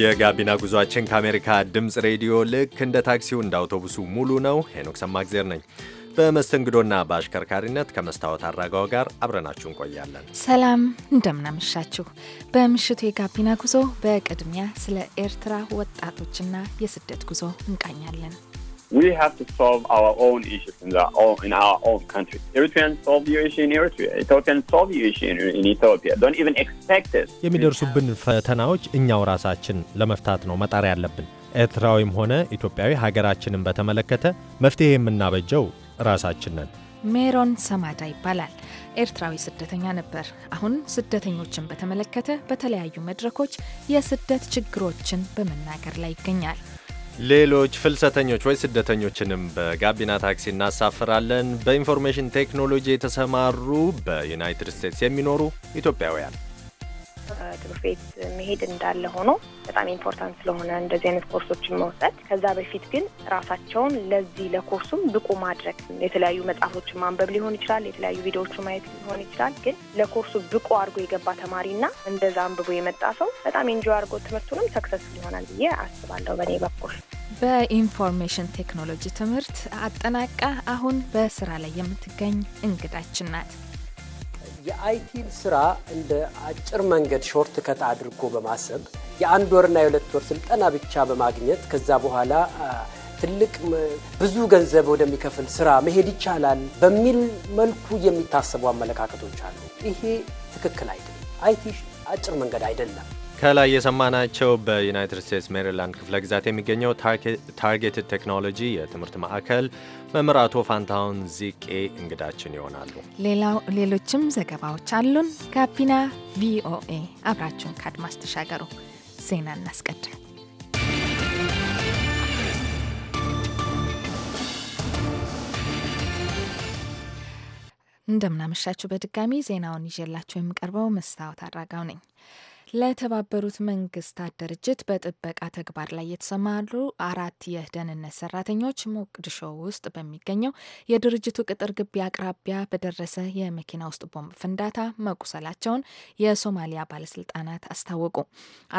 የጋቢና ጉዟችን ከአሜሪካ ድምፅ ሬዲዮ ልክ እንደ ታክሲው እንደ አውቶቡሱ ሙሉ ነው። ሄኖክ ሰማግዜር ነኝ። በመስተንግዶና በአሽከርካሪነት ከመስታወት አራጋው ጋር አብረናችሁ እንቆያለን። ሰላም እንደምናመሻችሁ። በምሽቱ የጋቢና ጉዞ በቅድሚያ ስለ ኤርትራ ወጣቶችና የስደት ጉዞ እንቃኛለን። we have to solve our own issues in, the, in our own country. Eritrean solve your issue in Eritrea. Ethiopian solve your issue in, in Ethiopia. Don't even expect it. የሚደርሱብን ፈተናዎች እኛው ራሳችን ለመፍታት ነው መጣር ያለብን። ኤርትራዊም ሆነ ኢትዮጵያዊ ሀገራችንን በተመለከተ መፍትሄ የምናበጀው ራሳችን ነን። ሜሮን ሰማዳ ይባላል። ኤርትራዊ ስደተኛ ነበር። አሁን ስደተኞችን በተመለከተ በተለያዩ መድረኮች የስደት ችግሮችን በመናገር ላይ ይገኛል። ሌሎች ፍልሰተኞች ወይ ስደተኞችንም በጋቢና ታክሲ እናሳፍራለን። በኢንፎርሜሽን ቴክኖሎጂ የተሰማሩ በዩናይትድ ስቴትስ የሚኖሩ ኢትዮጵያውያን ትምህርት ቤት መሄድ እንዳለ ሆኖ በጣም ኢምፖርታንት ስለሆነ እንደዚህ አይነት ኮርሶችን መውሰድ፣ ከዛ በፊት ግን ራሳቸውን ለዚህ ለኮርሱም ብቁ ማድረግ የተለያዩ መጽሐፎችን ማንበብ ሊሆን ይችላል፣ የተለያዩ ቪዲዮዎችን ማየት ሊሆን ይችላል። ግን ለኮርሱ ብቁ አድርጎ የገባ ተማሪና እንደዛ አንብቦ የመጣ ሰው በጣም ኢንጆ አድርጎ ትምህርቱንም ሰክሰስ ይሆናል ብዬ አስባለሁ በእኔ በኩል። በኢንፎርሜሽን ቴክኖሎጂ ትምህርት አጠናቃ አሁን በስራ ላይ የምትገኝ እንግዳችን ናት። የአይቲን ስራ እንደ አጭር መንገድ ሾርት ከት አድርጎ በማሰብ የአንድ ወርና የሁለት ወር ስልጠና ብቻ በማግኘት ከዛ በኋላ ትልቅ ብዙ ገንዘብ ወደሚከፍል ስራ መሄድ ይቻላል በሚል መልኩ የሚታሰቡ አመለካከቶች አሉ። ይሄ ትክክል አይደለም። አይቲ አጭር መንገድ አይደለም። ከላይ የሰማናቸው በዩናይትድ ስቴትስ ሜሪላንድ ክፍለ ግዛት የሚገኘው ታርጌትድ ቴክኖሎጂ የትምህርት ማዕከል መምህር አቶ ፋንታሁን ዚቄ እንግዳችን ይሆናሉ። ሌሎችም ዘገባዎች አሉን። ጋቢና ቪኦኤ አብራችሁን ከአድማስ ተሻገሩ። ዜና እናስቀድም። እንደምናመሻችሁ በድጋሚ ዜናውን ይዤላችሁ የሚቀርበው መስታወት አድራጋው ነኝ። ለተባበሩት መንግስታት ድርጅት በጥበቃ ተግባር ላይ የተሰማሩ አራት የደህንነት ሰራተኞች ሞቅድሾ ውስጥ በሚገኘው የድርጅቱ ቅጥር ግቢ አቅራቢያ በደረሰ የመኪና ውስጥ ቦምብ ፍንዳታ መቁሰላቸውን የሶማሊያ ባለስልጣናት አስታወቁ።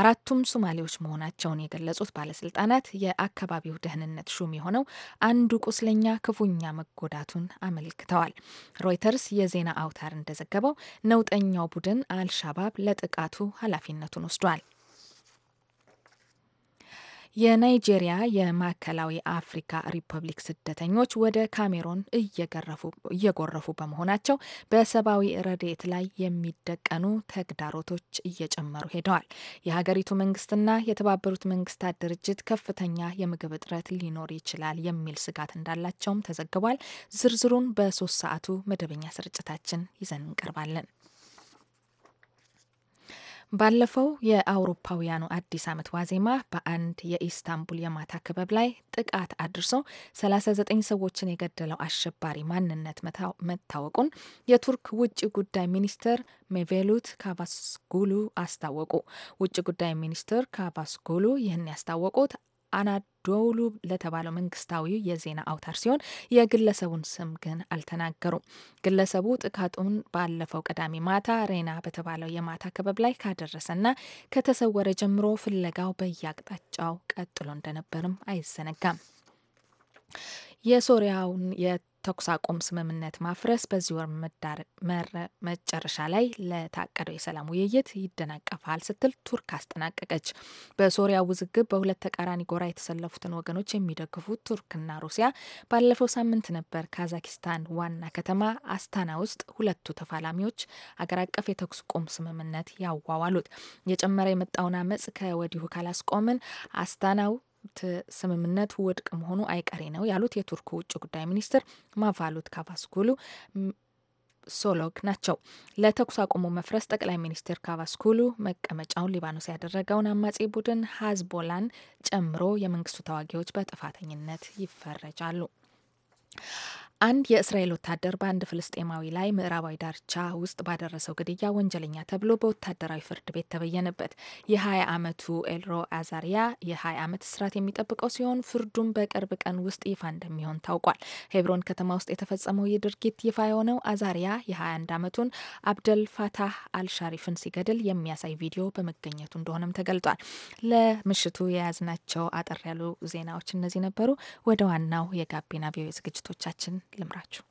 አራቱም ሶማሌዎች መሆናቸውን የገለጹት ባለስልጣናት የአካባቢው ደህንነት ሹም የሆነው አንዱ ቁስለኛ ክፉኛ መጎዳቱን አመልክተዋል። ሮይተርስ የዜና አውታር እንደዘገበው ነውጠኛው ቡድን አልሻባብ ለጥቃቱ ኃላፊ ኃላፊነቱን ወስዷል። የናይጄሪያ የማዕከላዊ አፍሪካ ሪፐብሊክ ስደተኞች ወደ ካሜሮን እየጎረፉ በመሆናቸው በሰብአዊ ረድኤት ላይ የሚደቀኑ ተግዳሮቶች እየጨመሩ ሄደዋል። የሀገሪቱ መንግስትና የተባበሩት መንግስታት ድርጅት ከፍተኛ የምግብ እጥረት ሊኖር ይችላል የሚል ስጋት እንዳላቸውም ተዘግቧል። ዝርዝሩን በሶስት ሰዓቱ መደበኛ ስርጭታችን ይዘን እንቀርባለን። ባለፈው የአውሮፓውያኑ አዲስ ዓመት ዋዜማ በአንድ የኢስታንቡል የማታ ክበብ ላይ ጥቃት አድርሶ 39 ሰዎችን የገደለው አሸባሪ ማንነት መታወቁን የቱርክ ውጭ ጉዳይ ሚኒስትር ሜቬሉት ካቫስጉሉ አስታወቁ። ውጭ ጉዳይ ሚኒስትር ካቫስጉሉ ይህን ያስታወቁት አናድ ዶውሉ ለተባለው መንግስታዊ የዜና አውታር ሲሆን የግለሰቡን ስም ግን አልተናገሩም። ግለሰቡ ጥቃቱን ባለፈው ቅዳሜ ማታ ሬና በተባለው የማታ ክበብ ላይ ካደረሰና ከተሰወረ ጀምሮ ፍለጋው በየአቅጣጫው ቀጥሎ እንደነበርም አይዘነጋም። የሶሪያውን ተኩስ አቁም ስምምነት ማፍረስ በዚህ ወር መጨረሻ ላይ ለታቀደው የሰላም ውይይት ይደናቀፋል ስትል ቱርክ አስጠናቀቀች። በሶሪያ ውዝግብ በሁለት ተቃራኒ ጎራ የተሰለፉትን ወገኖች የሚደግፉት ቱርክና ሩሲያ ባለፈው ሳምንት ነበር ካዛኪስታን ዋና ከተማ አስታና ውስጥ ሁለቱ ተፋላሚዎች አገር አቀፍ የተኩስ ቁም ስምምነት ያዋዋሉት። የጨመረ የመጣውን አመፅ ከወዲሁ ካላስቆምን አስታናው ስምምነት ውድቅ መሆኑ አይቀሬ ነው ያሉት የቱርክ ውጭ ጉዳይ ሚኒስትር ማቫሉት ካቫስኩሉ ሶሎግ ናቸው። ለተኩስ አቁሙ መፍረስ ጠቅላይ ሚኒስትር ካቫስኩሉ መቀመጫውን ሊባኖስ ያደረገውን አማጺ ቡድን ሀዝቦላን ጨምሮ የመንግስቱ ተዋጊዎች በጥፋተኝነት ይፈረጃሉ። አንድ የእስራኤል ወታደር በአንድ ፍልስጤማዊ ላይ ምዕራባዊ ዳርቻ ውስጥ ባደረሰው ግድያ ወንጀለኛ ተብሎ በወታደራዊ ፍርድ ቤት ተበየነበት። የ20 ዓመቱ ኤልሮ አዛሪያ የ20 ዓመት እስራት የሚጠብቀው ሲሆን ፍርዱም በቅርብ ቀን ውስጥ ይፋ እንደሚሆን ታውቋል። ሄብሮን ከተማ ውስጥ የተፈጸመው ይህ ድርጊት ይፋ የሆነው አዛሪያ የ21 ዓመቱን አብደል ፋታህ አልሻሪፍን ሲገድል የሚያሳይ ቪዲዮ በመገኘቱ እንደሆነም ተገልጧል። ለምሽቱ የያዝናቸው አጠር ያሉ ዜናዎች እነዚህ ነበሩ። ወደ ዋናው የጋቢና ቪኦኤ ዝግጅቶቻችን ልምራችሁ።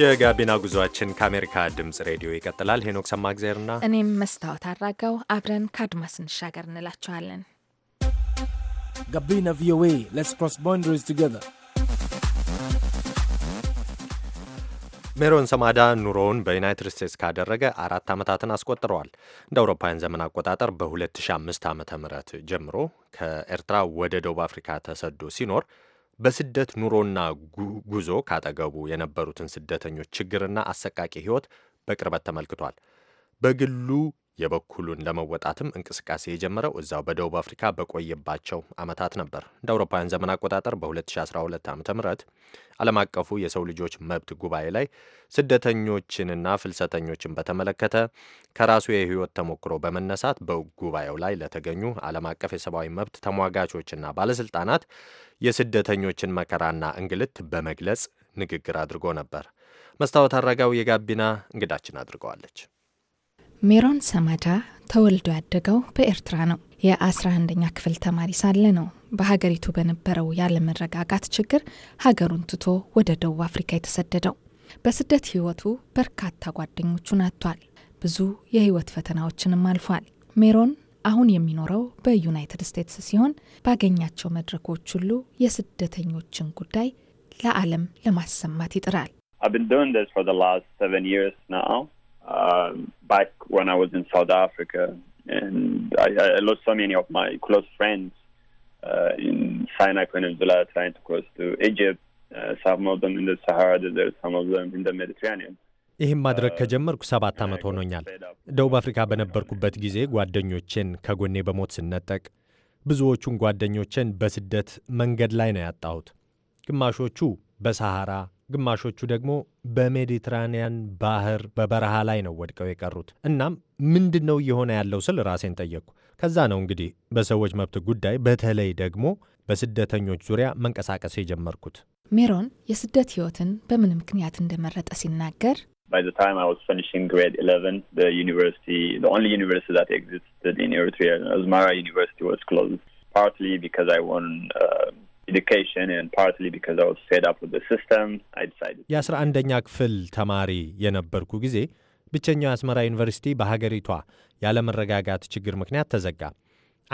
የጋቢና ጉዞአችን ከአሜሪካ ድምፅ ሬዲዮ ይቀጥላል። ሄኖክ ሰማእግዜርና እኔም መስታወት አድራጋው አብረን ከአድማስ እንሻገር እንላችኋለን። ጋቢና ቪኦኤ ሌትስ ክሮስ ቦንደሪስ ቱጌዘር ሜሮን ሰማዳ ኑሮውን በዩናይትድ ስቴትስ ካደረገ አራት ዓመታትን አስቆጥረዋል። እንደ አውሮፓውያን ዘመን አቆጣጠር በ2005 ዓ ም ጀምሮ ከኤርትራ ወደ ደቡብ አፍሪካ ተሰዶ ሲኖር በስደት ኑሮና ጉዞ ካጠገቡ የነበሩትን ስደተኞች ችግርና አሰቃቂ ሕይወት በቅርበት ተመልክቷል። በግሉ የበኩሉን ለመወጣትም እንቅስቃሴ የጀመረው እዛው በደቡብ አፍሪካ በቆየባቸው ዓመታት ነበር። እንደ አውሮፓውያን ዘመን አቆጣጠር በ2012 ዓ ም ዓለም አቀፉ የሰው ልጆች መብት ጉባኤ ላይ ስደተኞችንና ፍልሰተኞችን በተመለከተ ከራሱ የህይወት ተሞክሮ በመነሳት በጉባኤው ላይ ለተገኙ ዓለም አቀፍ የሰብአዊ መብት ተሟጋቾችና ባለሥልጣናት የስደተኞችን መከራና እንግልት በመግለጽ ንግግር አድርጎ ነበር። መስታወት አረጋው የጋቢና እንግዳችን አድርገዋለች። ሜሮን ሰማዳ ተወልዶ ያደገው በኤርትራ ነው። የ11ኛ ክፍል ተማሪ ሳለ ነው በሀገሪቱ በነበረው ያለመረጋጋት ችግር ሀገሩን ትቶ ወደ ደቡብ አፍሪካ የተሰደደው። በስደት ህይወቱ በርካታ ጓደኞቹን አጥቷል። ብዙ የህይወት ፈተናዎችንም አልፏል። ሜሮን አሁን የሚኖረው በዩናይትድ ስቴትስ ሲሆን ባገኛቸው መድረኮች ሁሉ የስደተኞችን ጉዳይ ለዓለም ለማሰማት ይጥራል። um, back when I was in South Africa, and I, I lost so many of my close friends uh, in Sinai Peninsula, trying to cross to Egypt. Uh, some of them in the Sahara Desert, some of them in the Mediterranean. ይህም ማድረግ ከጀመርኩ ሰባት ዓመት ሆኖኛል። ደቡብ አፍሪካ በነበርኩበት ጊዜ ጓደኞቼን ከጎኔ በሞት ስነጠቅ ብዙዎቹን ጓደኞቼን በስደት መንገድ ላይ ነው ያጣሁት። ግማሾቹ በሰሐራ ግማሾቹ ደግሞ በሜዲትራኒያን ባህር በበረሃ ላይ ነው ወድቀው የቀሩት። እናም ምንድን ነው እየሆነ ያለው ስል ራሴን ጠየቅኩ። ከዛ ነው እንግዲህ በሰዎች መብት ጉዳይ በተለይ ደግሞ በስደተኞች ዙሪያ መንቀሳቀስ የጀመርኩት። ሜሮን የስደት ህይወትን በምን ምክንያት እንደመረጠ ሲናገር by the time I was finishing grade 11, the university, the only university that existed in Eritrea, Asmara University, was closed. Partly because I won uh, የአስራ አንደኛ ክፍል ተማሪ የነበርኩ ጊዜ ብቸኛው የአስመራ ዩኒቨርሲቲ በሀገሪቷ ያለመረጋጋት ችግር ምክንያት ተዘጋ።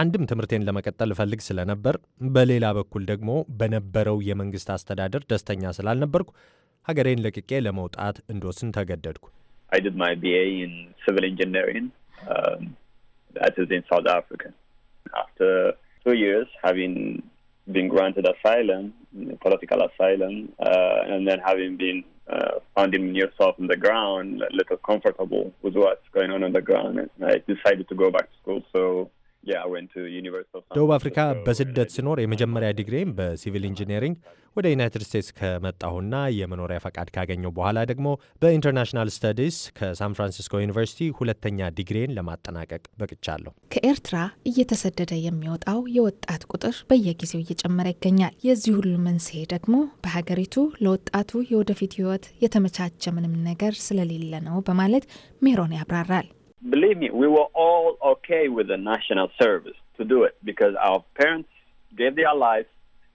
አንድም ትምህርቴን ለመቀጠል እፈልግ ስለነበር፣ በሌላ በኩል ደግሞ በነበረው የመንግሥት አስተዳደር ደስተኛ ስላልነበርኩ ሀገሬን ለቅቄ ለመውጣት እንዶስን ተገደድኩ። ሲቪል being granted asylum, political asylum, uh, and then having been uh, finding yourself on the ground, a little comfortable with what's going on on the ground, and I decided to go back to school. So ደቡብ አፍሪካ በስደት ስኖር የመጀመሪያ ዲግሪም በሲቪል ኢንጂነሪንግ ወደ ዩናይትድ ስቴትስ ከመጣሁና የመኖሪያ ፈቃድ ካገኘው በኋላ ደግሞ በኢንተርናሽናል ስተዲስ ከሳን ፍራንሲስኮ ዩኒቨርሲቲ ሁለተኛ ዲግሪን ለማጠናቀቅ በቅቻለሁ። ከኤርትራ እየተሰደደ የሚወጣው የወጣት ቁጥር በየጊዜው እየጨመረ ይገኛል። የዚህ ሁሉ መንስኤ ደግሞ በሀገሪቱ ለወጣቱ የወደፊት ሕይወት የተመቻቸ ምንም ነገር ስለሌለ ነው በማለት ሜሮን ያብራራል። believe me, we were all okay with the national service to do it because our parents gave their lives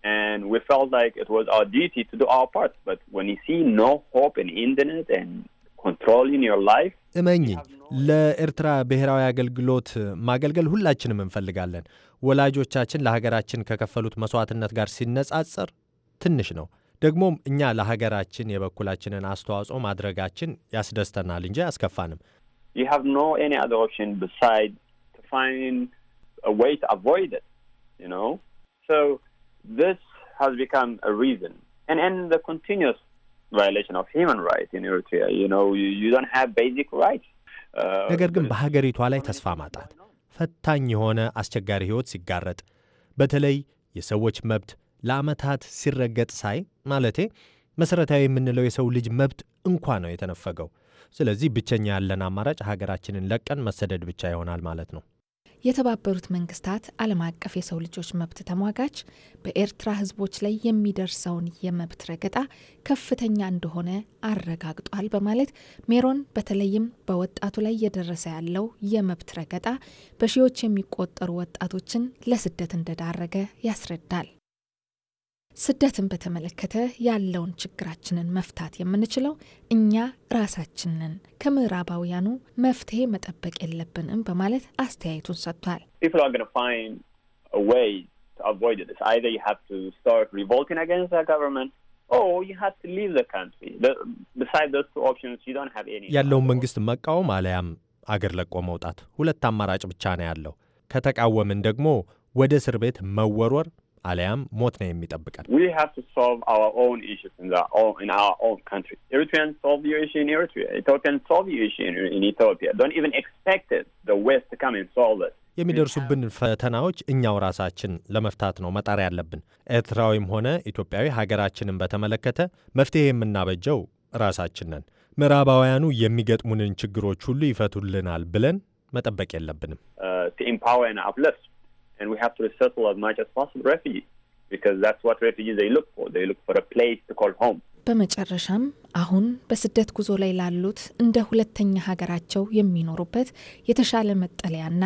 and we felt like it was our duty to do our part. But when you see no hope in internet and controlling your life, እመኝኝ ለኤርትራ ብሔራዊ አገልግሎት ማገልገል ሁላችንም እንፈልጋለን። ወላጆቻችን ለሀገራችን ከከፈሉት መስዋዕትነት ጋር ሲነጻጸር ትንሽ ነው። ደግሞም እኛ ለሀገራችን የበኩላችንን አስተዋጽኦ ማድረጋችን ያስደስተናል እንጂ አያስከፋንም። you have no any other option besides to find a way to avoid it, you know? So this has become a reason. And, and the continuous violation of human rights in Eritrea, you know, you, you don't have basic rights. ነገር ግን በሀገሪቷ ላይ ተስፋ ማጣት ፈታኝ የሆነ አስቸጋሪ ሕይወት ሲጋረጥ በተለይ የሰዎች መብት ለዓመታት ሲረገጥ ሳይ ማለቴ መሠረታዊ የምንለው የሰው ልጅ መብት እንኳ ነው የተነፈገው። ስለዚህ ብቸኛ ያለን አማራጭ ሀገራችንን ለቀን መሰደድ ብቻ ይሆናል ማለት ነው። የተባበሩት መንግስታት ዓለም አቀፍ የሰው ልጆች መብት ተሟጋች በኤርትራ ህዝቦች ላይ የሚደርሰውን የመብት ረገጣ ከፍተኛ እንደሆነ አረጋግጧል በማለት ሜሮን በተለይም በወጣቱ ላይ እየደረሰ ያለው የመብት ረገጣ በሺዎች የሚቆጠሩ ወጣቶችን ለስደት እንደዳረገ ያስረዳል። ስደትን በተመለከተ ያለውን ችግራችንን መፍታት የምንችለው እኛ ራሳችንን ከምዕራባውያኑ መፍትሄ መጠበቅ የለብንም በማለት አስተያየቱን ሰጥቷል። ያለውን መንግስት መቃወም አለያም አገር ለቆ መውጣት፣ ሁለት አማራጭ ብቻ ነው ያለው። ከተቃወምን ደግሞ ወደ እስር ቤት መወርወር አሊያም ሞት ነው የሚጠብቀን። የሚደርሱብን ፈተናዎች እኛው ራሳችን ለመፍታት ነው መጣር ያለብን። ኤርትራዊም ሆነ ኢትዮጵያዊ ሀገራችንን በተመለከተ መፍትሄ የምናበጀው ራሳችን ነን። ምዕራባውያኑ የሚገጥሙንን ችግሮች ሁሉ ይፈቱልናል ብለን መጠበቅ የለብንም። uh, and we have to resettle as much as possible refugees because that's what refugees they look for. They look for a place to call home. በመጨረሻም አሁን በስደት ጉዞ ላይ ላሉት እንደ ሁለተኛ ሀገራቸው የሚኖሩበት የተሻለ መጠለያና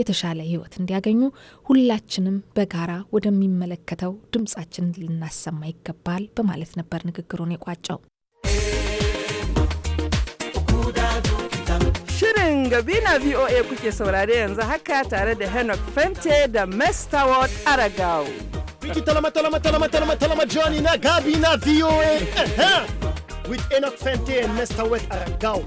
የተሻለ ህይወት እንዲያገኙ ሁላችንም በጋራ ወደሚመለከተው ድምጻችን ልናሰማ ይገባል በማለት ነበር ንግግሩን የቋጨው። Shirin Gabi na VOA kuke saurare yanzu haka tare da Enoch Fente da Mestaward Aragao. Wiki talama talama talama talama talama Johnny na Gabi na VOA. With Enoch Fente and Mestaward Aragao.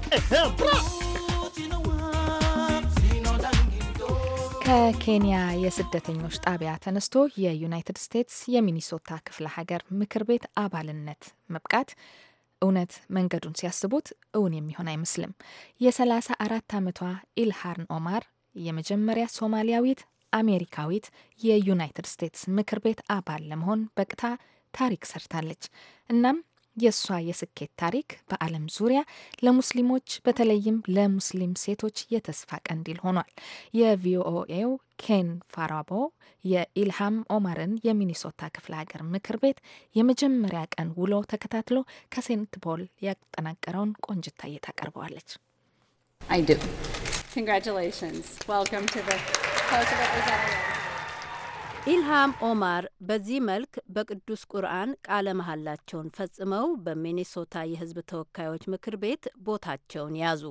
ከኬንያ የስደተኞች ጣቢያ ተነስቶ የዩናይትድ ስቴትስ የሚኒሶታ ክፍለ ሀገር ምክር ቤት አባልነት መብቃት እውነት መንገዱን ሲያስቡት እውን የሚሆን አይመስልም። የሰላሳ አራት ዓመቷ ኢልሃርን ኦማር የመጀመሪያ ሶማሊያዊት አሜሪካዊት የዩናይትድ ስቴትስ ምክር ቤት አባል ለመሆን በቅታ ታሪክ ሰርታለች። እናም የእሷ የስኬት ታሪክ በዓለም ዙሪያ ለሙስሊሞች በተለይም ለሙስሊም ሴቶች የተስፋ ቀንዲል ሆኗል። የቪኦኤው ኬን ፋራቦ የኢልሃም ኦማርን የሚኒሶታ ክፍለ ሀገር ምክር ቤት የመጀመሪያ ቀን ውሎ ተከታትሎ ከሴንት ፖል ያጠናቀረውን ቆንጅታዬ ታቀርበዋለች። Congratulations. Welcome to the House of Representatives. ኢልሃም ኦማር በዚህ መልክ በቅዱስ ቁርአን ቃለ መሐላቸውን ፈጽመው በሚኔሶታ የሕዝብ ተወካዮች ምክር ቤት ቦታቸውን ያዙ።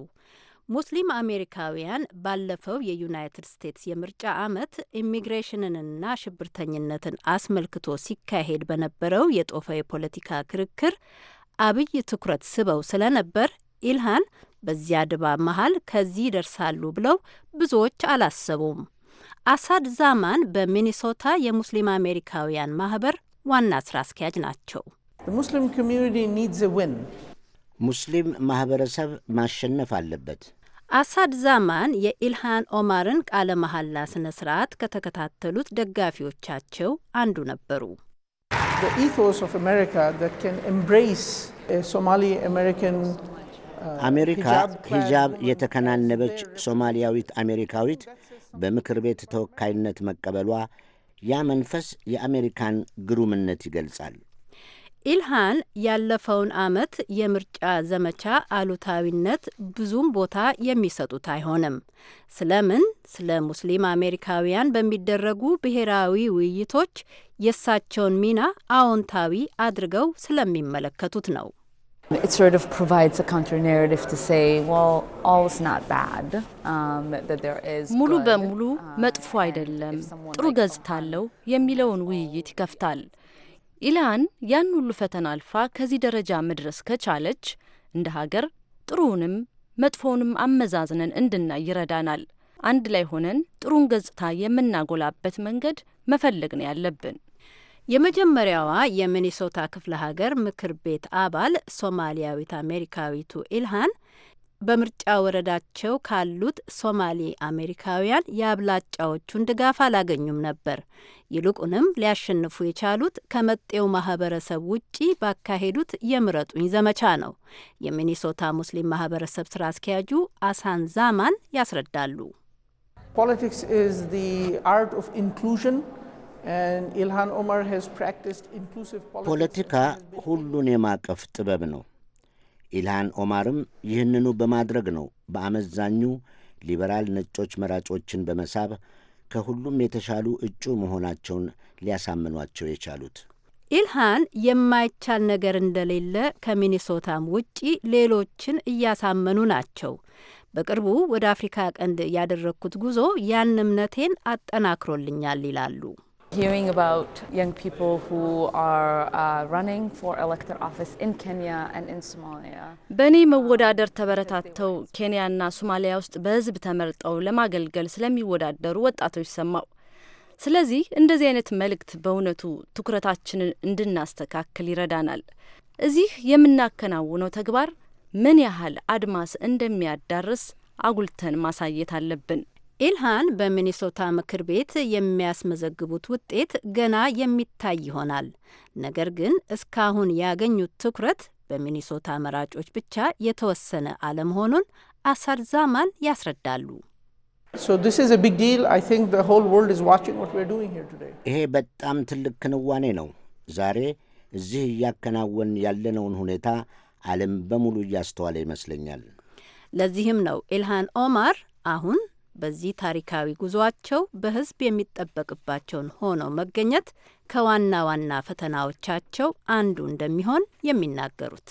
ሙስሊም አሜሪካውያን ባለፈው የዩናይትድ ስቴትስ የምርጫ ዓመት ኢሚግሬሽንንና ሽብርተኝነትን አስመልክቶ ሲካሄድ በነበረው የጦፈ የፖለቲካ ክርክር አብይ ትኩረት ስበው ስለነበር ኢልሃን በዚያ ድባብ መሀል ከዚህ ይደርሳሉ ብለው ብዙዎች አላሰቡም። አሳድ ዛማን በሚኒሶታ የሙስሊም አሜሪካውያን ማህበር ዋና ስራ አስኪያጅ ናቸው። ሙስሊም ማህበረሰብ ማሸነፍ አለበት። አሳድ ዛማን የኢልሃን ኦማርን ቃለ መሐላ ስነ ስርዓት ከተከታተሉት ደጋፊዎቻቸው አንዱ ነበሩ። uh, አሜሪካ ሂጃብ የተከናነበች ሶማሊያዊት አሜሪካዊት በምክር ቤት ተወካይነት መቀበሏ ያ መንፈስ የአሜሪካን ግሩምነት ይገልጻል። ኢልሃን ያለፈውን ዓመት የምርጫ ዘመቻ አሉታዊነት ብዙም ቦታ የሚሰጡት አይሆንም። ስለምን? ስለ ሙስሊም አሜሪካውያን በሚደረጉ ብሔራዊ ውይይቶች የእሳቸውን ሚና አዎንታዊ አድርገው ስለሚመለከቱት ነው። It sort of provides a counter narrative to say, well, is not bad, um, that there is. ሙሉ በሙሉ uh, መጥፎ አይደለም፣ ጥሩ ገጽታ አለው የሚለውን ውይይት ይከፍታል። ኢላን ያን ሁሉ ፈተና አልፋ ከዚህ ደረጃ መድረስ ከቻለች እንደ ሀገር ጥሩውንም መጥፎውንም አመዛዝነን እንድናይ ይረዳናል። አንድ ላይ ሆነን ጥሩን ገጽታ የምናጎላበት መንገድ መፈለግ ነው ያለብን። የመጀመሪያዋ የሚኒሶታ ክፍለ ሀገር ምክር ቤት አባል ሶማሊያዊት አሜሪካዊቱ ኢልሃን በምርጫ ወረዳቸው ካሉት ሶማሌ አሜሪካውያን የአብላጫዎቹን ድጋፍ አላገኙም ነበር። ይልቁንም ሊያሸንፉ የቻሉት ከመጤው ማህበረሰብ ውጪ ባካሄዱት የምረጡኝ ዘመቻ ነው። የሚኒሶታ ሙስሊም ማህበረሰብ ስራ አስኪያጁ አሳን ዛማን ያስረዳሉ። ፖለቲክስ ኢዝ ዘ አርት ኦፍ ኢንክሉዥን ፖለቲካ ሁሉን የማቀፍ ጥበብ ነው። ኢልሃን ኦማርም ይህንኑ በማድረግ ነው በአመዛኙ ሊበራል ነጮች መራጮችን በመሳብ ከሁሉም የተሻሉ እጩ መሆናቸውን ሊያሳምኗቸው የቻሉት። ኢልሃን የማይቻል ነገር እንደሌለ ከሚኒሶታም ውጪ ሌሎችን እያሳመኑ ናቸው። በቅርቡ ወደ አፍሪካ ቀንድ ያደረግኩት ጉዞ ያን እምነቴን አጠናክሮልኛል ይላሉ። Hearing about young people who are uh, running for elected office in Kenya and in Somalia. በእኔ መወዳደር ተበረታተው ኬንያና ሶማሊያ ውስጥ በህዝብ ተመርጠው ለማገልገል ስለሚወዳደሩ ወጣቶች ሰማው። ስለዚህ እንደዚህ አይነት መልእክት በእውነቱ ትኩረታችንን እንድናስተካክል ይረዳናል። እዚህ የምናከናውነው ተግባር ምን ያህል አድማስ እንደሚያዳርስ አጉልተን ማሳየት አለብን። ኢልሃን በሚኒሶታ ምክር ቤት የሚያስመዘግቡት ውጤት ገና የሚታይ ይሆናል። ነገር ግን እስካሁን ያገኙት ትኩረት በሚኒሶታ መራጮች ብቻ የተወሰነ አለመሆኑን አሳድ ዛማን ያስረዳሉ። ይሄ በጣም ትልቅ ክንዋኔ ነው። ዛሬ እዚህ እያከናወን ያለነውን ሁኔታ ዓለም በሙሉ እያስተዋለ ይመስለኛል። ለዚህም ነው ኢልሃን ኦማር አሁን በዚህ ታሪካዊ ጉዞአቸው በህዝብ የሚጠበቅባቸውን ሆነው መገኘት ከዋና ዋና ፈተናዎቻቸው አንዱ እንደሚሆን የሚናገሩት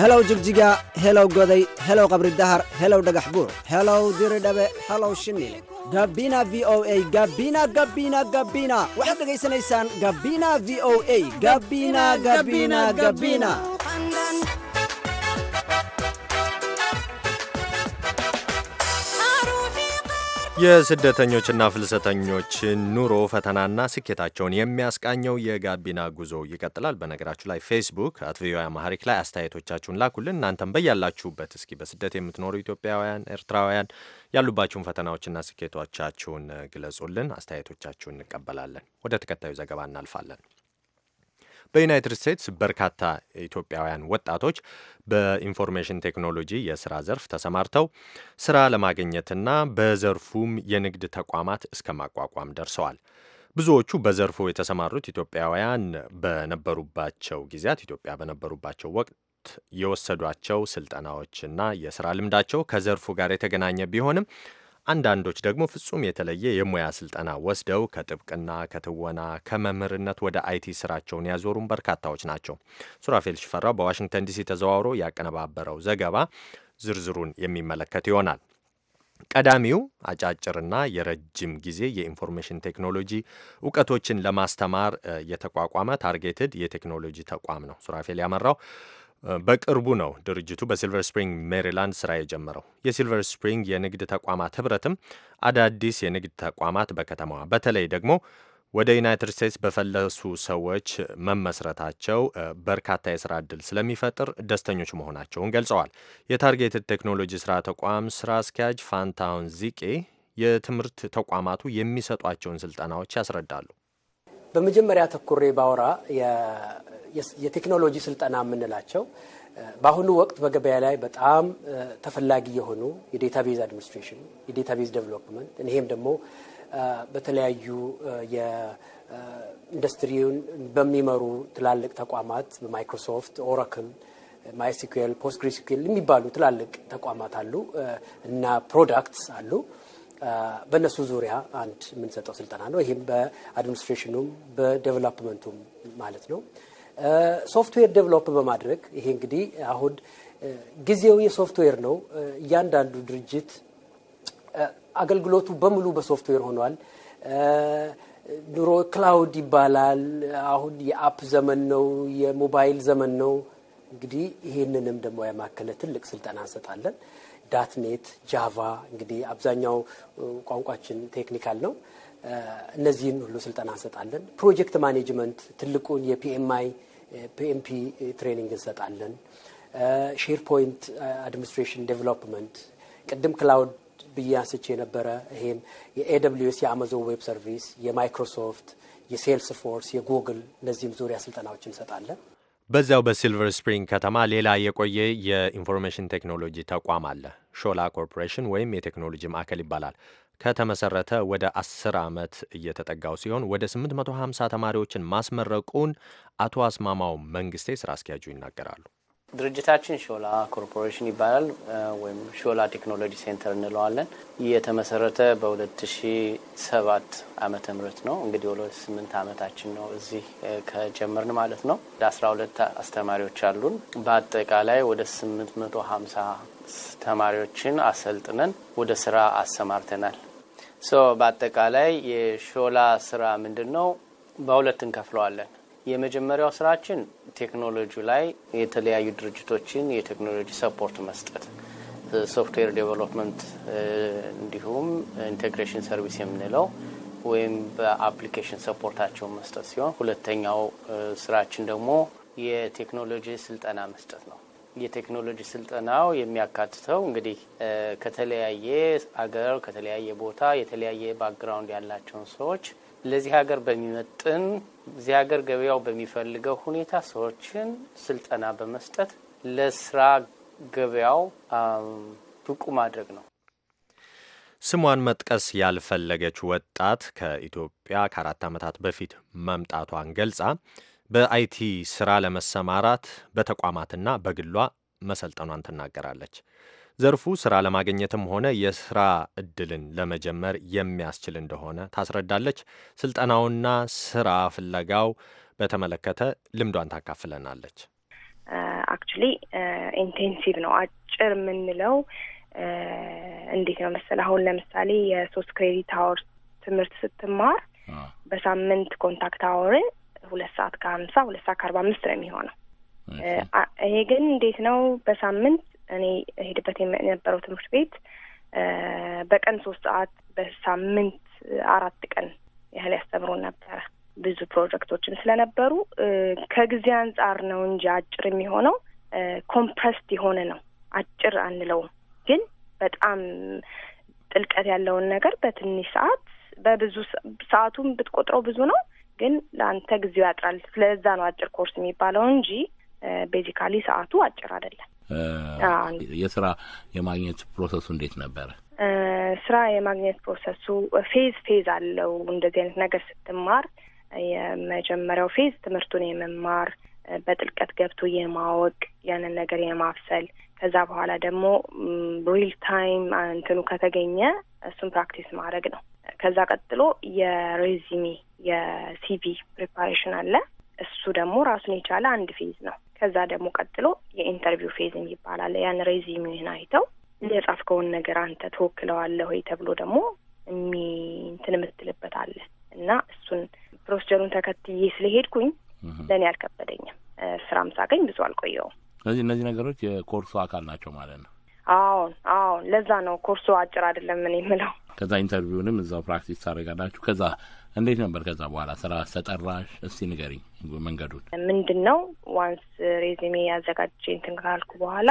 helow jigjiga helow goday helow qabri dahar helow dhagax buur helow diridhabe helow shimile gabina v o a gabina gabina gabina waxaad dhegaysanaysaan gabina v o a gabina gabina gabina የስደተኞችና ፍልሰተኞችን ኑሮ ፈተናና ስኬታቸውን የሚያስቃኘው የጋቢና ጉዞ ይቀጥላል። በነገራችሁ ላይ ፌስቡክ አት ቪኦኤ አማሪክ ላይ አስተያየቶቻችሁን ላኩልን። እናንተም በያላችሁበት እስኪ በስደት የምትኖሩ ኢትዮጵያውያን፣ ኤርትራውያን ያሉባችሁን ፈተናዎችና ስኬቶቻችሁን ግለጹልን። አስተያየቶቻችሁን እንቀበላለን። ወደ ተከታዩ ዘገባ እናልፋለን። በዩናይትድ ስቴትስ በርካታ ኢትዮጵያውያን ወጣቶች በኢንፎርሜሽን ቴክኖሎጂ የስራ ዘርፍ ተሰማርተው ስራ ለማግኘትና በዘርፉም የንግድ ተቋማት እስከ ማቋቋም ደርሰዋል። ብዙዎቹ በዘርፉ የተሰማሩት ኢትዮጵያውያን በነበሩባቸው ጊዜያት ኢትዮጵያ በነበሩባቸው ወቅት የወሰዷቸው ስልጠናዎችና የስራ ልምዳቸው ከዘርፉ ጋር የተገናኘ ቢሆንም አንዳንዶች ደግሞ ፍጹም የተለየ የሙያ ስልጠና ወስደው ከጥብቅና፣ ከትወና፣ ከመምህርነት ወደ አይቲ ስራቸውን ያዞሩም በርካታዎች ናቸው። ሱራፌል ሽፈራው በዋሽንግተን ዲሲ ተዘዋውሮ ያቀነባበረው ዘገባ ዝርዝሩን የሚመለከት ይሆናል። ቀዳሚው አጫጭርና የረጅም ጊዜ የኢንፎርሜሽን ቴክኖሎጂ እውቀቶችን ለማስተማር የተቋቋመ ታርጌትድ የቴክኖሎጂ ተቋም ነው ሱራፌል ያመራው። በቅርቡ ነው ድርጅቱ በሲልቨር ስፕሪንግ ሜሪላንድ ስራ የጀመረው። የሲልቨር ስፕሪንግ የንግድ ተቋማት ህብረትም አዳዲስ የንግድ ተቋማት በከተማዋ በተለይ ደግሞ ወደ ዩናይትድ ስቴትስ በፈለሱ ሰዎች መመስረታቸው በርካታ የስራ ዕድል ስለሚፈጥር ደስተኞች መሆናቸውን ገልጸዋል። የታርጌትድ ቴክኖሎጂ ስራ ተቋም ስራ አስኪያጅ ፋንታውን ዚቄ የትምህርት ተቋማቱ የሚሰጧቸውን ስልጠናዎች ያስረዳሉ። በመጀመሪያ ተኩሬ ባወራ የቴክኖሎጂ ስልጠና የምንላቸው በአሁኑ ወቅት በገበያ ላይ በጣም ተፈላጊ የሆኑ የዴታቤዝ አድሚኒስትሬሽን፣ የዴታቤዝ ዴቨሎፕመንት ይሄም ደግሞ በተለያዩ የኢንዱስትሪውን በሚመሩ ትላልቅ ተቋማት በማይክሮሶፍት፣ ኦራክል፣ ማይሲኩኤል፣ ፖስትግሪስኩኤል የሚባሉ ትላልቅ ተቋማት አሉ እና ፕሮዳክትስ አሉ በእነሱ ዙሪያ አንድ የምንሰጠው ስልጠና ነው። ይህም በአድሚኒስትሬሽኑም በዴቨሎፕመንቱም ማለት ነው። ሶፍትዌር ዴቨሎፕ በማድረግ ይሄ እንግዲህ አሁን ጊዜው የሶፍትዌር ነው። እያንዳንዱ ድርጅት አገልግሎቱ በሙሉ በሶፍትዌር ሆኗል። ድሮ ክላውድ ይባላል። አሁን የአፕ ዘመን ነው፣ የሞባይል ዘመን ነው። እንግዲህ ይህንንም ደግሞ ያማከለ ትልቅ ስልጠና እንሰጣለን። ዳትኔት፣ ጃቫ እንግዲህ አብዛኛው ቋንቋችን ቴክኒካል ነው። እነዚህን ሁሉ ስልጠና እንሰጣለን። ፕሮጀክት ማኔጅመንት ትልቁን የፒኤምአይ ፒኤምፒ ትሬኒንግ እንሰጣለን። ሼርፖይንት አድሚኒስትሬሽን ዴቨሎፕመንት፣ ቅድም ክላውድ ብዬ አንስቼ የነበረ ይሄን የኤደብሊውስ የአማዞን ዌብ ሰርቪስ፣ የማይክሮሶፍት፣ የሴልስ ፎርስ፣ የጉግል እነዚህም ዙሪያ ስልጠናዎች እንሰጣለን። በዚያው በሲልቨር ስፕሪንግ ከተማ ሌላ የቆየ የኢንፎርሜሽን ቴክኖሎጂ ተቋም አለ። ሾላ ኮርፖሬሽን ወይም የቴክኖሎጂ ማዕከል ይባላል። ከተመሰረተ ወደ 10 ዓመት እየተጠጋው ሲሆን ወደ 850 ተማሪዎችን ማስመረቁን አቶ አስማማው መንግስቴ ስራ አስኪያጁ ይናገራሉ። ድርጅታችን ሾላ ኮርፖሬሽን ይባላል፣ ወይም ሾላ ቴክኖሎጂ ሴንተር እንለዋለን። የተመሰረተ በ2007 ዓመተ ምህረት ነው። እንግዲህ ወደ ስምንት ዓመታችን ነው እዚህ ከጀመርን ማለት ነው። ወደ 12 አስተማሪዎች አሉን። በአጠቃላይ ወደ 850 ተማሪዎችን አሰልጥነን ወደ ስራ አሰማርተናል። ሶ በአጠቃላይ የሾላ ስራ ምንድን ነው? በሁለት እንከፍለዋለን። የመጀመሪያው ስራችን ቴክኖሎጂ ላይ የተለያዩ ድርጅቶችን የቴክኖሎጂ ሰፖርት መስጠት፣ ሶፍትዌር ዴቨሎፕመንት እንዲሁም ኢንቴግሬሽን ሰርቪስ የምንለው ወይም በአፕሊኬሽን ሰፖርታቸውን መስጠት ሲሆን ሁለተኛው ስራችን ደግሞ የቴክኖሎጂ ስልጠና መስጠት ነው። የቴክኖሎጂ ስልጠናው የሚያካትተው እንግዲህ ከተለያየ አገር ከተለያየ ቦታ የተለያየ ባክግራውንድ ያላቸውን ሰዎች ለዚህ ሀገር በሚመጥን እዚህ ሀገር ገበያው በሚፈልገው ሁኔታ ሰዎችን ስልጠና በመስጠት ለስራ ገበያው ብቁ ማድረግ ነው። ስሟን መጥቀስ ያልፈለገች ወጣት ከኢትዮጵያ ከአራት ዓመታት በፊት መምጣቷን ገልጻ በአይቲ ስራ ለመሰማራት በተቋማትና በግሏ መሰልጠኗን ትናገራለች። ዘርፉ ስራ ለማግኘትም ሆነ የስራ እድልን ለመጀመር የሚያስችል እንደሆነ ታስረዳለች። ስልጠናውና ስራ ፍለጋው በተመለከተ ልምዷን ታካፍለናለች። አክቹሊ ኢንቴንሲቭ ነው አጭር የምንለው እንዴት ነው መሰል፣ አሁን ለምሳሌ የሶስት ክሬዲት አወር ትምህርት ስትማር በሳምንት ኮንታክት አወር ሁለት ሰዓት ከሀምሳ ሁለት ሰዓት ከአርባ አምስት ነው የሚሆነው። ይሄ ግን እንዴት ነው በሳምንት እኔ ሄድበት የነበረው ትምህርት ቤት በቀን ሶስት ሰዓት በሳምንት አራት ቀን ያህል ያስተምሩን ነበረ። ብዙ ፕሮጀክቶችም ስለነበሩ ከጊዜ አንጻር ነው እንጂ አጭር የሚሆነው ኮምፕረስድ የሆነ ነው። አጭር አንለውም፣ ግን በጣም ጥልቀት ያለውን ነገር በትንሽ ሰዓት በብዙ ሰዓቱም ብትቆጥረው ብዙ ነው፣ ግን ለአንተ ጊዜው ያጥራል። ስለዛ ነው አጭር ኮርስ የሚባለው እንጂ ቤዚካሊ ሰዓቱ አጭር አይደለም። የስራ የማግኘት ፕሮሰሱ እንዴት ነበረ? ስራ የማግኘት ፕሮሰሱ ፌዝ ፌዝ አለው። እንደዚህ አይነት ነገር ስትማር የመጀመሪያው ፌዝ ትምህርቱን የመማር በጥልቀት ገብቶ የማወቅ ያንን ነገር የማፍሰል ከዛ በኋላ ደግሞ ሪል ታይም እንትኑ ከተገኘ እሱን ፕራክቲስ ማድረግ ነው። ከዛ ቀጥሎ የሬዚሜ የሲቪ ፕሪፓሬሽን አለ። እሱ ደግሞ ራሱን የቻለ አንድ ፌዝ ነው። ከዛ ደግሞ ቀጥሎ የኢንተርቪው ፌዝ ይባላል። ያን ሬዚሜን አይተው የጻፍከውን ነገር አንተ ትወክለዋለህ ወይ ተብሎ ደግሞ እንትን የምትልበት አለ እና እሱን ፕሮሲጀሩን ተከትዬ ስለሄድኩኝ ለእኔ አልከበደኝም። ስራም ሳገኝ ብዙ አልቆየውም። ስለዚህ እነዚህ ነገሮች የኮርሱ አካል ናቸው ማለት ነው። አዎን፣ አዎን። ለዛ ነው ኮርሱ አጭር አይደለም ምን የምለው። ከዛ ኢንተርቪውንም እዛው ፕራክቲስ ታደርጋላችሁ። ከዛ እንዴት ነበር ከዛ በኋላ ስራ ተጠራሽ? እስቲ ንገሪኝ መንገዱን። ምንድን ነው ዋንስ ሬዚሜ ያዘጋጀ እንትን ካልኩ በኋላ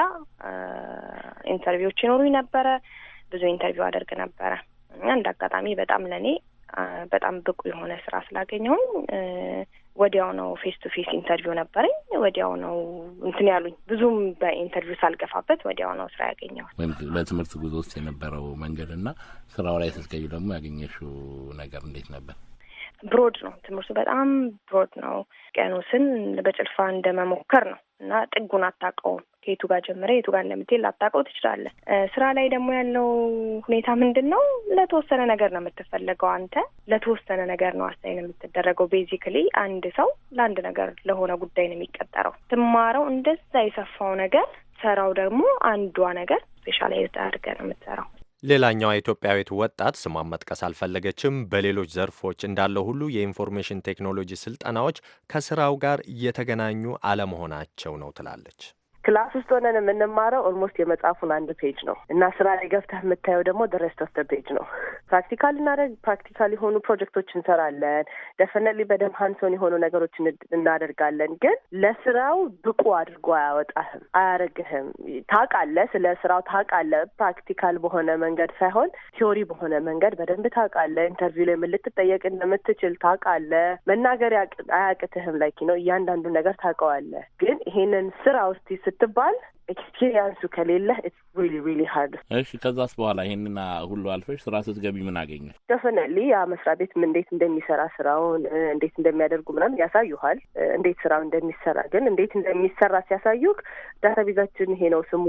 ኢንተርቪዎች ይኖሩኝ ነበረ። ብዙ ኢንተርቪው አደርግ ነበረ እና እንደ አጋጣሚ በጣም ለእኔ በጣም ብቁ የሆነ ስራ ስላገኘሁኝ ወዲያው ነው ፌስ ቱ ፌስ ኢንተርቪው ነበረኝ። ወዲያው ነው እንትን ያሉኝ። ብዙም በኢንተርቪው ሳልገፋበት ወዲያው ነው ስራ ያገኘዋል። በትምህርት ጉዞ ውስጥ የነበረው መንገድ እና ስራው ላይ ስትገኙ ደግሞ ያገኘሽው ነገር እንዴት ነበር? ብሮድ ነው ትምህርቱ፣ በጣም ብሮድ ነው። ውቅያኖስን በጭልፋ እንደመሞከር ነው እና ጥጉን አታውቀውም። ከየቱ ጋር ጀምረ የቱ ጋር እንደምትሄድ ላታውቀው ትችላለህ። ስራ ላይ ደግሞ ያለው ሁኔታ ምንድን ነው? ለተወሰነ ነገር ነው የምትፈለገው አንተ ለተወሰነ ነገር ነው አሳይን የምትደረገው። ቤዚክሊ አንድ ሰው ለአንድ ነገር ለሆነ ጉዳይ ነው የሚቀጠረው። ትማረው እንደዛ የሰፋው ነገር ሰራው ደግሞ አንዷ ነገር ስፔሻላይዝድ አድርገህ ነው የምትሰራው። ሌላኛዋ ኢትዮጵያዊት ወጣት ስሟን መጥቀስ አልፈለገችም። በሌሎች ዘርፎች እንዳለው ሁሉ የኢንፎርሜሽን ቴክኖሎጂ ስልጠናዎች ከስራው ጋር እየተገናኙ አለመሆናቸው ነው ትላለች። ክላስ ውስጥ ሆነን የምንማረው ኦልሞስት የመጽሐፉን አንድ ፔጅ ነው እና ስራ ላይ ገፍተህ የምታየው ደግሞ ደረስት ኦፍ ደ ፔጅ ነው። ፕራክቲካል እናደርግ ፕራክቲካል የሆኑ ፕሮጀክቶች እንሰራለን። ደፈነትሊ በደም ሀንሶን የሆኑ ነገሮች እናደርጋለን። ግን ለስራው ብቁ አድርጎ አያወጣህም፣ አያደርግህም። ታውቃለህ፣ ስለ ስራው ታውቃለህ። ፕራክቲካል በሆነ መንገድ ሳይሆን ቲዮሪ በሆነ መንገድ በደንብ ታውቃለህ። ኢንተርቪው ላይ ምን ልትጠየቅ እንደምትችል ታውቃለህ። መናገር አያቅትህም። ላይክ ነው እያንዳንዱ ነገር ታውቀዋለህ። ግን ይሄንን ስራ ውስጥ Sitterball ኤክስፒሪየንሱ ከሌለ ኢትስ ሪሊ ሪሊ ሀርድ። እሺ ከዛስ በኋላ ይሄንና ሁሉ አልፈሽ ስራ ስትገቢ ምን አገኘሽ? ደፍነሊ ያ መስሪያ ቤት እንዴት እንደሚሰራ ስራውን እንዴት እንደሚያደርጉ ምናምን ያሳዩሃል። እንዴት ስራው እንደሚሰራ ግን እንዴት እንደሚሰራ ሲያሳዩክ ዳታቤዛችን ይሄ ነው ስሙ፣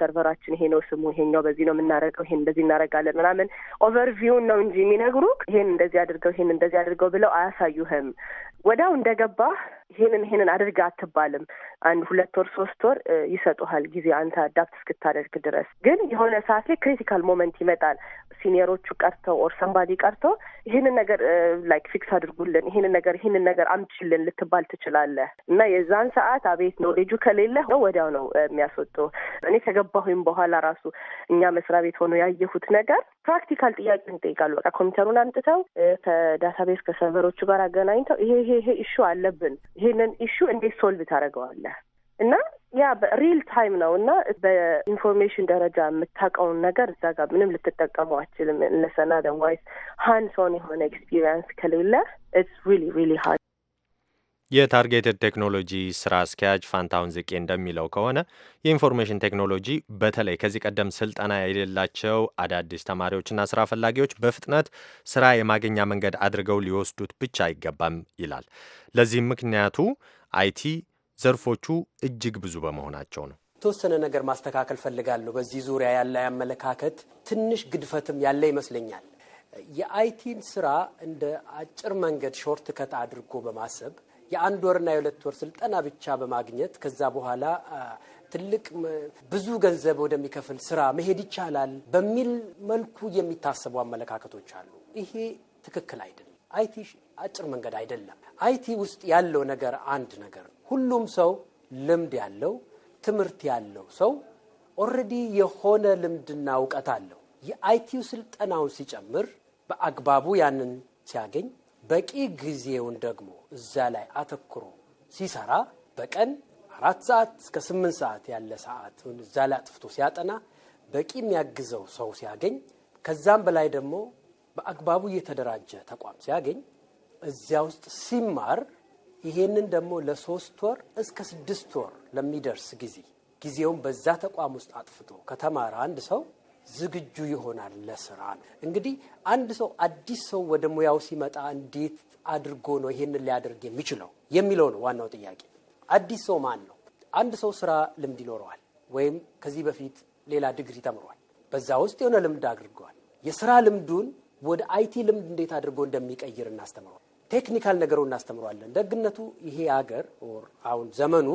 ሰርቨራችን ይሄ ነው ስሙ፣ ይሄኛው በዚህ ነው የምናደርገው፣ ይሄን እንደዚህ እናደርጋለን ምናምን ኦቨርቪውን ነው እንጂ የሚነግሩክ ይሄን እንደዚህ አድርገው ይሄን እንደዚህ አድርገው ብለው አያሳዩህም። ወዲያው እንደገባ ይሄንን ይሄንን አድርግ አትባልም። አንድ ሁለት ወር ሶስት ወር ይሰጡሃል ይወስድሃል ጊዜ አንተ አዳፕት እስክታደርግ ድረስ። ግን የሆነ ሰዓት ላይ ክሪቲካል ሞመንት ይመጣል። ሲኒየሮቹ ቀርተው ኦር ሰንባዲ ቀርተው ይህንን ነገር ላይክ ፊክስ አድርጉልን፣ ይህንን ነገር ይህንን ነገር አምችልን ልትባል ትችላለህ። እና የዛን ሰዓት አቤት ነው ከሌለ ወዲያው ነው የሚያስወጡ። እኔ ከገባሁኝ በኋላ ራሱ እኛ መስሪያ ቤት ሆኖ ያየሁት ነገር ፕራክቲካል ጥያቄ እንጠይቃሉ። በቃ ኮምፒውተሩን አምጥተው ከዳታቤዝ ከሰርቨሮቹ ጋር አገናኝተው ይሄ ይሄ ይሄ ኢሹ አለብን፣ ይሄንን ኢሹ እንዴት ሶልቭ ታደርገዋለህ እና ያ በሪል ታይም ነው እና በኢንፎርሜሽን ደረጃ የምታውቀውን ነገር እዛ ጋር ምንም ልትጠቀመው አችልም። እነሰና ደንዋይስ ሀንድ የሆነ ኤክስፒሪንስ ከሌለ ኢትስ ሪሊ ሪሊ ሀርድ። የታርጌትድ ቴክኖሎጂ ስራ አስኪያጅ ፋንታውን ዝቄ እንደሚለው ከሆነ የኢንፎርሜሽን ቴክኖሎጂ በተለይ ከዚህ ቀደም ስልጠና የሌላቸው አዳዲስ ተማሪዎችና ስራ ፈላጊዎች በፍጥነት ስራ የማግኛ መንገድ አድርገው ሊወስዱት ብቻ አይገባም ይላል። ለዚህም ምክንያቱ አይቲ ዘርፎቹ እጅግ ብዙ በመሆናቸው ነው። የተወሰነ ነገር ማስተካከል ፈልጋለሁ። በዚህ ዙሪያ ያለ አመለካከት ትንሽ ግድፈትም ያለ ይመስለኛል። የአይቲን ስራ እንደ አጭር መንገድ ሾርት ከት አድርጎ በማሰብ የአንድ ወርና የሁለት ወር ስልጠና ብቻ በማግኘት ከዛ በኋላ ትልቅ ብዙ ገንዘብ ወደሚከፍል ስራ መሄድ ይቻላል በሚል መልኩ የሚታሰቡ አመለካከቶች አሉ። ይሄ ትክክል አይደለም። አይቲ አጭር መንገድ አይደለም። አይቲ ውስጥ ያለው ነገር አንድ ነገር ነው። ሁሉም ሰው ልምድ ያለው ትምህርት ያለው ሰው ኦልሬዲ የሆነ ልምድና እውቀት አለው። የአይቲው ስልጠናውን ሲጨምር በአግባቡ ያንን ሲያገኝ በቂ ጊዜውን ደግሞ እዛ ላይ አተኩሮ ሲሰራ በቀን አራት ሰዓት እስከ ስምንት ሰዓት ያለ ሰዓቱን እዛ ላይ አጥፍቶ ሲያጠና በቂ የሚያግዘው ሰው ሲያገኝ ከዛም በላይ ደግሞ በአግባቡ እየተደራጀ ተቋም ሲያገኝ እዚያ ውስጥ ሲማር ይሄንን ደግሞ ለሶስት ወር እስከ ስድስት ወር ለሚደርስ ጊዜ ጊዜውን በዛ ተቋም ውስጥ አጥፍቶ ከተማረ አንድ ሰው ዝግጁ ይሆናል ለስራ። እንግዲህ አንድ ሰው አዲስ ሰው ወደ ሙያው ሲመጣ እንዴት አድርጎ ነው ይሄንን ሊያደርግ የሚችለው የሚለው ነው ዋናው ጥያቄ። አዲስ ሰው ማን ነው? አንድ ሰው ስራ ልምድ ይኖረዋል፣ ወይም ከዚህ በፊት ሌላ ድግሪ ተምሯል። በዛ ውስጥ የሆነ ልምድ አድርገዋል። የስራ ልምዱን ወደ አይቲ ልምድ እንዴት አድርጎ እንደሚቀይር እናስተምረዋል። ቴክኒካል ነገሩን እናስተምረዋለን። ደግነቱ ይሄ አገር ኦር አሁን ዘመኑ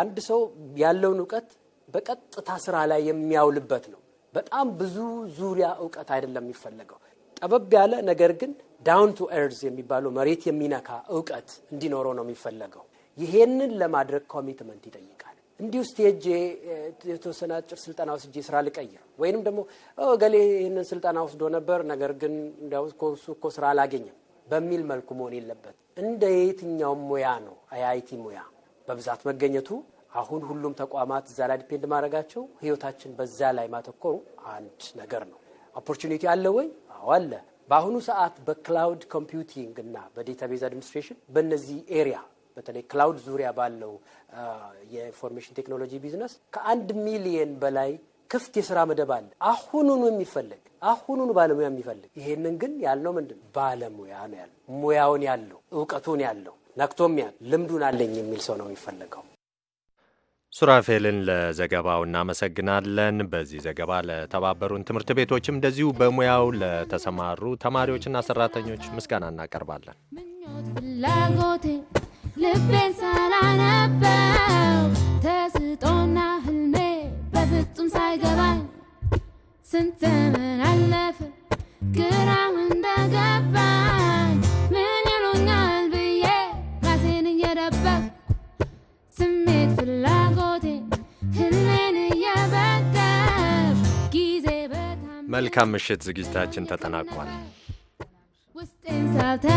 አንድ ሰው ያለውን እውቀት በቀጥታ ስራ ላይ የሚያውልበት ነው። በጣም ብዙ ዙሪያ እውቀት አይደለም የሚፈለገው ጠበብ ያለ ነገር ግን ዳውን ቱ ኤርዝ የሚባለው መሬት የሚነካ እውቀት እንዲኖረው ነው የሚፈለገው። ይሄንን ለማድረግ ኮሚትመንት ይጠይቃል። ውስጥ የእጄ eh, የተወሰነ አጭር ስልጠና ወስጄ ስራ ልቀይር ወይንም ደግሞ ገሌ ይህንን ስልጠና ወስዶ ነበር፣ ነገር ግን እንዲያው እሱ እኮ ስራ አላገኘም በሚል መልኩ መሆን የለበት። እንደ የትኛውም ሙያ ነው አይቲ ሙያ በብዛት መገኘቱ አሁን ሁሉም ተቋማት እዛ ላይ ዲፔንድ ማድረጋቸው ህይወታችን በዛ ላይ ማተኮሩ አንድ ነገር ነው። ኦፖርቹኒቲ አለ ወይ? አዎ አለ። በአሁኑ ሰዓት በክላውድ ኮምፒውቲንግ እና በዴታቤዝ አድሚኒስትሬሽን በእነዚህ ኤሪያ በተለይ ክላውድ ዙሪያ ባለው የኢንፎርሜሽን ቴክኖሎጂ ቢዝነስ ከአንድ ሚሊየን በላይ ክፍት የስራ መደብ አለ። አሁኑኑ የሚፈለግ አሁኑኑ ባለሙያ የሚፈልግ ይሄንን ግን ያልነው ምንድን ነው? ባለሙያ ነው ያለው። ሙያውን ያለው እውቀቱን ያለው ነክቶም ያ ልምዱን አለኝ የሚል ሰው ነው የሚፈለገው። ሱራፌልን ለዘገባው እናመሰግናለን። በዚህ ዘገባ ለተባበሩን ትምህርት ቤቶችም እንደዚሁ በሙያው ለተሰማሩ ተማሪዎችና ሰራተኞች ምስጋና እናቀርባለን። ምኞት ፍላጎቴ ልቤን ሳላነበው ተስጦና በፍጹም ሳይገባኝ ስንት ዘመን አለፈ ግራም እንደገባኝ ምን ይሉኛል ብዬ ራሴን እየደበቅ ስሜት ፍላጎቴን ህልሜን እየበደብ ጊዜ በጣም መልካም ምሽት ዝግጅታችን ተጠናቋል። ውስጤን ሳተ